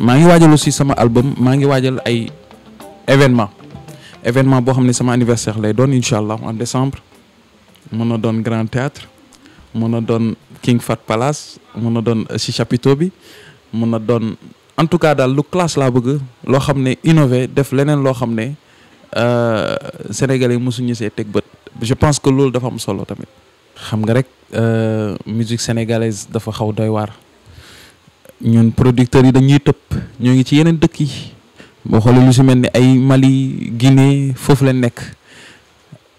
maa ngi waajal aussi sama album maa ngi waajal ay événement événement boo xam ne sama anniversaire lay doon incha allah en décembre mën na doon grand théâtre mën na doon King Fat Palace mën na doon euh, si chapiteau bi mën na doon en tout cas daal lu classe laa bëgg loo xam ne innové def leneen loo xam ne euh, sénégalais yi mosuñu see teg bët je pense que loolu dafa am solo tamit xam nga rek euh, musique sénégalaise dafa xaw doy waar ñun producteurs yi dañuy tëpp ñoo ngi ci yeneen dëkk yi boo xoolee lu si mel ni ay Mali Guinée foofu leen nekk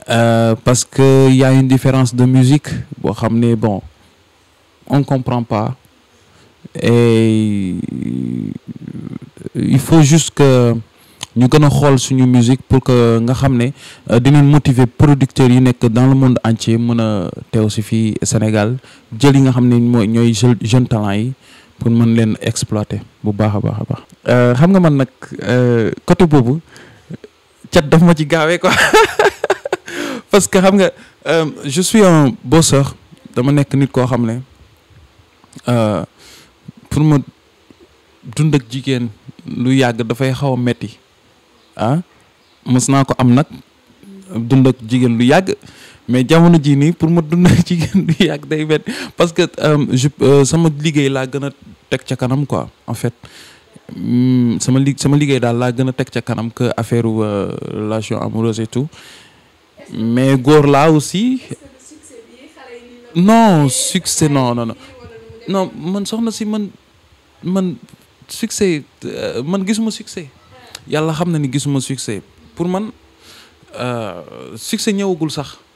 euh, parce que y a une différence de musique boo xam ne bon on comprend pas et euh, il faut juste que ñu gën a xool suñu musique pour que nga xam ne euh, dinañ motiver producteurs yi nekk dans le monde entier mën a teew si fii Sénégal jël yi nga xam ne mooy ñooy jeunes yi pour mën leen exploité bu baax a baax a baax. Euh, xam nga man nag euh, côté boobu cet daf ma ci gaawee ko parce que xam nga euh, je suis un dama nekk nit koo xam ne pour ma dund ak jigéen lu yàgg dafay xaw a metti ah mës naa ko am nag dund ak jigéen lu yàgg mais jamono jii ni pour ma dund ci gën yak day bet parce que euh, je euh, sama liggéey la gëna a ci kanam quoi en fait hmm, sama li sama liggéey dal la gëna a ci kanam que affaire euh, relation amoureuse et tout mais gor là aussi non succès non non non non man soxna si man man succès man gisuma succès yalla xam na ni gisuma succès pour man succès ñewugul sax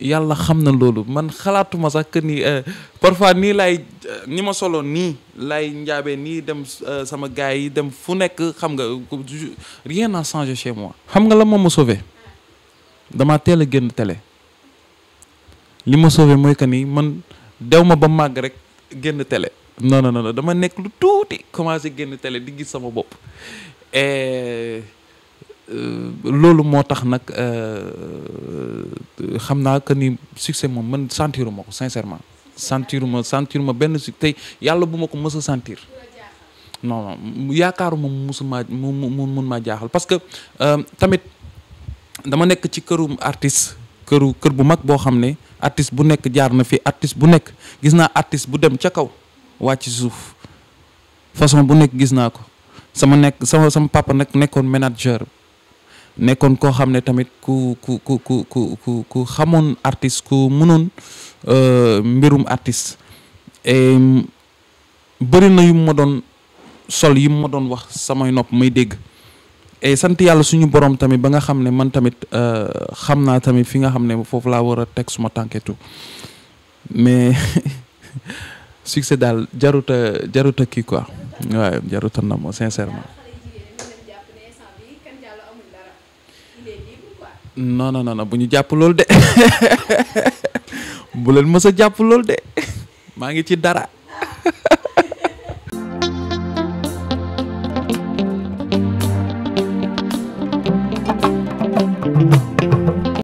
yalla xamna lolu man xalatuma sax que ni euh, parfois ni laay euh, ni ma solo ni lay njaabee ni dem euh, sama gaay yi dem fu nek xam nga rien n'a changé chez moi. xam nga la moom ma sauvé damaa télé, a télé li ma sauver moy que ni man dew ma ba mag rek génn télé. non non non dama nek lu touti commencé génn télé di gis sama bopp. Euh, loolu moo tax nag euh, xam naa que ni succès moom man sentiruma ko sincèrement sentiruma sentiruma benn succès tey yàlla bu ma ko mës a sentir non non yaakaaru musuma mu mu mun maa jaaxal parce que euh, tamit dama nekk ci kërum artiste këru kër bu mag boo xam ne artiste bu nekk jaar na fi artiste bu nekk gis naa artiste bu dem ca kaw wàcc suuf façon bu nekk gis naa ko sama nekk sama sama papa nag nekkoon manager nekkoon koo xam ne tamit ku ku ku ku ku ku xamoon artiste ku mënoon euh, mbirum artiste bëri na yu ma doon sol yi ma doon wax samay nopp may dégg et sant yàlla suñu borom tamit ba nga xam ne man tamit euh, xam naa tamit fi nga xam ne foofu laa war a teg suma tànketu mais succès daal jaruta jaruta kii quoi waaw jaruta na mo sincèrement no non non bu ñu jàpp loolu de bu leen mës a jàpp loolu de maa ngi ci dara